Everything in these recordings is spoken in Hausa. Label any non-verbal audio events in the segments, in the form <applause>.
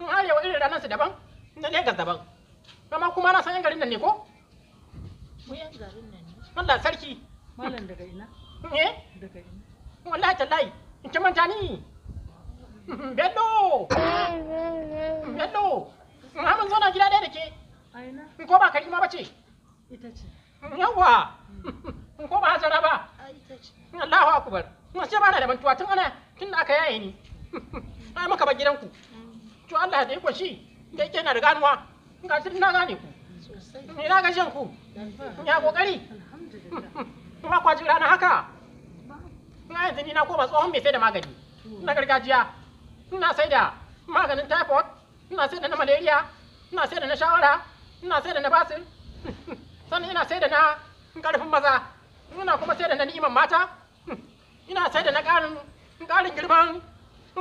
in arewa irin ranar su daban na Legas daban amma kuma na san garin nan ne ko mu yan garin nan ne sarki daga ina <laughs> eh daga ina wallahi tallahi in manta ni <laughs> bello <laughs> bello na mun zo na gida da ke aina ko ba karima ba ita ce yawa ko ba hasara ba ita ce Allahu akbar mun ce ba na da mantuwa tun ana tun da aka yaye ni ai muka bar gidanku to Allah da iko shi kai yake na da ganuwa ga na gane ku ina ga gashin ku ya kokari kuma kwa jira na haka na yanzu ni na koma tsohon mai sai da magani na gargajiya ina sai da maganin typhoid ina sai da na malaria ina sai da na shawara ina sai da na basir <laughs> sannan ina sai da na karfin maza ina kuma sai da na ni'iman mata ina sai da na ƙarin girman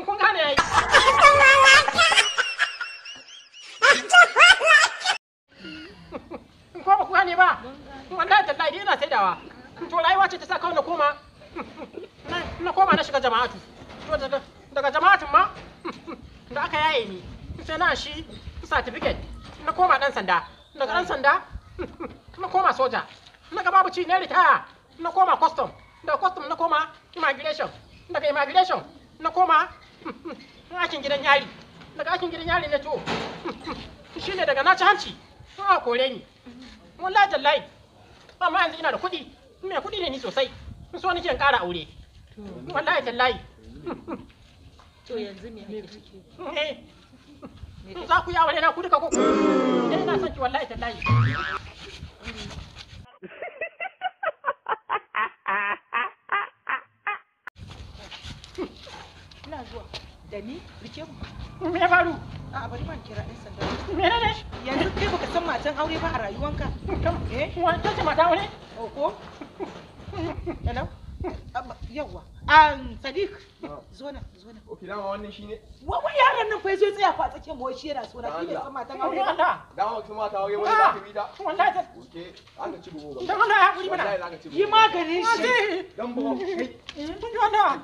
kun gane to rayuwa ce ta sa kawai na koma na koma na shiga jama'atu to daga daga jama'atun ma da aka yaye ni sai na shi certificate na koma dan sanda daga dan sanda na koma soja na ga babu ci na retire na koma custom daga custom na koma immigration daga immigration na koma aikin gidan yari daga aikin gidan yari na to shine daga na ci hanci a kore ni wallahi tallahi amma yanzu ina da kuɗi ina kuɗi ne ni sosai in so ni kiran ƙara aure wallahi tallahi to yanzu me ake ciki eh za ku yi aure na ku duka ko eh ina son ki wallahi tallahi <laughs> ina zuwa da ni rike mu me ya faru a bari ban kira ɗan sanda me ne yanzu kai baka san matan aure ba a rayuwanka eh wata ce matan aure oh, ko hello an sadiq zo na zo na wannan shine wai yaran nan fa zo tsaya fa mu shi yana matan aure ba aure wani ah! ka wallahi ta ci ya mana yi maganin shi dan kai kun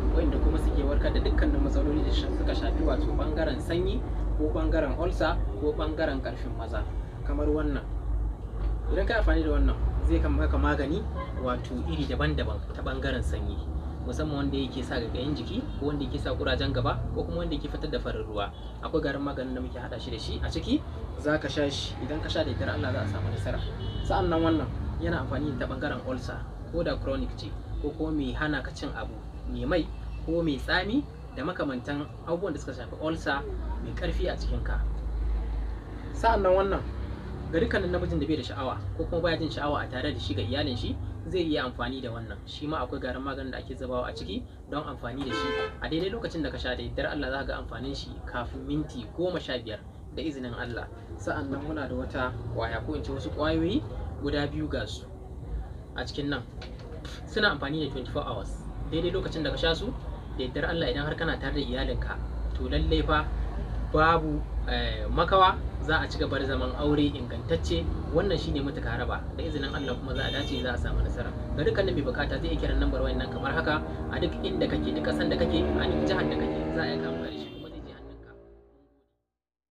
suke warkar da dukkanin matsaloli da suka shafi wato bangaren sanyi ko bangaren olsa ko bangaren karfin maza kamar wannan idan ka amfani da wannan zai maka magani wato iri daban-daban ta bangaren sanyi musamman wanda yake sa gagayen jiki ko wanda yake sa kurajen gaba ko kuma wanda yake fitar da farin ruwa akwai garin maganin da muke hada shi da shi a ciki za ka sha shi idan ka sha da ita Allah za a samu nasara sa'annan wannan yana amfani da bangaren ulcer ko da chronic ce ko kuma mai hana ka cin abu mai mai ko mai tsami da makamantan abubuwan da suka shafi olsa mai karfi a cikinka sa'annan wannan ga dukkanin namijin da bai da sha'awa ko kuma baya jin sha'awa a tare da shi ga iyalin shi zai iya amfani da wannan shi ma akwai garin maganin da ake zubawa a ciki don amfani da shi a daidai lokacin da ka sha da yaddar Allah za ga amfanin shi kafin minti goma sha biyar da izinin Allah sa'annan muna da wata kwaya ko in ce wasu kwayoyi guda biyu ga su a cikin nan suna amfani da 24 hours daidai lokacin da ka sha su da yaddar Allah idan har kana tare da iyalinka to lallai fa babu eh, makawa za a ci gaba da zaman aure ingantacce wannan shine mutuka raba da izinin Allah kuma za a dace za a samu nasara ga dukkanin mai bukata zai iya kiran lambar wayannan kamar haka a duk inda kake duk kasan da kake a duk jihar da kake za a yi shi